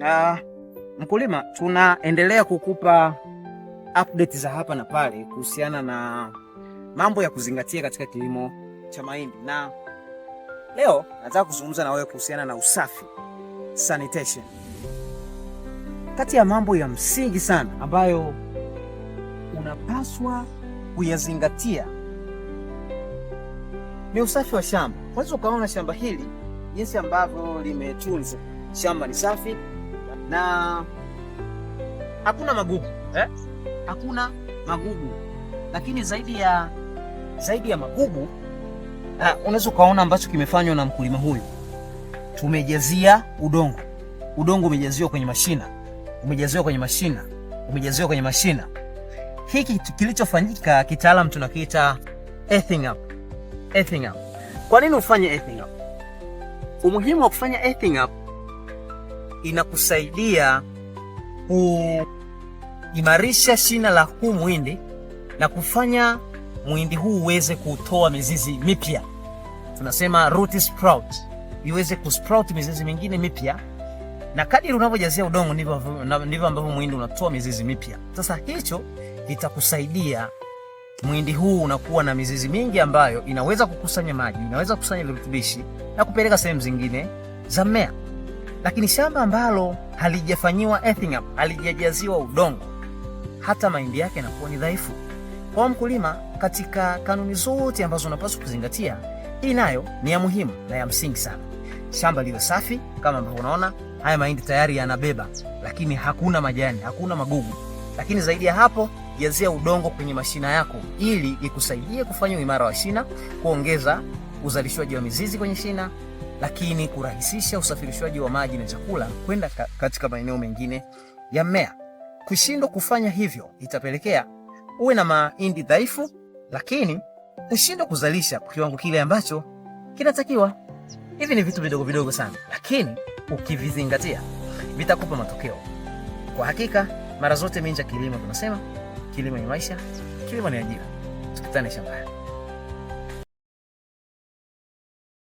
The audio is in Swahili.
Uh, mkulima, tunaendelea kukupa update za hapa na pale kuhusiana na mambo ya kuzingatia katika kilimo cha mahindi, na leo nataka kuzungumza na wewe kuhusiana na usafi sanitation, kati ya mambo ya msingi sana ambayo unapaswa kuyazingatia ni usafi wa shamba. Unaweza ukaona shamba hili jinsi ambavyo limetunzwa, shamba ni safi na hakuna magugu eh? Hakuna magugu, lakini zaidi ya zaidi ya magugu unaweza ukaona ambacho kimefanywa na mkulima huyu. Tumejazia udongo, udongo umejaziwa kwenye mashina, umejaziwa kwenye mashina, umejaziwa kwenye mashina. Hiki kilichofanyika kitaalam tunakiita earthing up. Earthing up. Kwa nini ufanye earthing up? Umuhimu wa kufanya earthing up inakusaidia kuimarisha shina la huu muhindi na kufanya muhindi huu uweze kutoa mizizi mipya, tunasema root sprout, iweze kusprout mizizi mingine mipya, na kadiri unavyojazia udongo ndivyo ambavyo muhindi unatoa mizizi mipya. Sasa hicho itakusaidia muhindi huu unakuwa na mizizi mingi ambayo inaweza kukusanya maji, inaweza kukusanya virutubishi na kupeleka sehemu zingine za mmea. Lakini shamba ambalo halijafanyiwa earthing up, halijajaziwa udongo, hata mahindi yake yanakuwa ni dhaifu. Kwa mkulima, katika kanuni zote ambazo unapaswa kuzingatia, hii nayo ni ya muhimu na ya msingi sana. Shamba liwe safi, kama ambavyo unaona haya mahindi tayari yanabeba, lakini hakuna majani, hakuna magugu. Lakini zaidi ya hapo, jazia udongo kwenye mashina yako ili ikusaidie kufanya uimara wa shina, kuongeza uzalishwaji wa mizizi kwenye shina lakini kurahisisha usafirishwaji wa maji na chakula kwenda katika maeneo mengine ya mmea. Kushindwa kufanya hivyo itapelekea uwe na mahindi dhaifu, lakini ushindwe kuzalisha kwa kiwango kile ambacho kinatakiwa. Hivi ni vitu vidogo vidogo sana, lakini ukivizingatia vitakupa matokeo kwa hakika. Mara zote Minja Kilimo tunasema kilimo ni maisha, kilimo ni ajira. Tukutane shambani.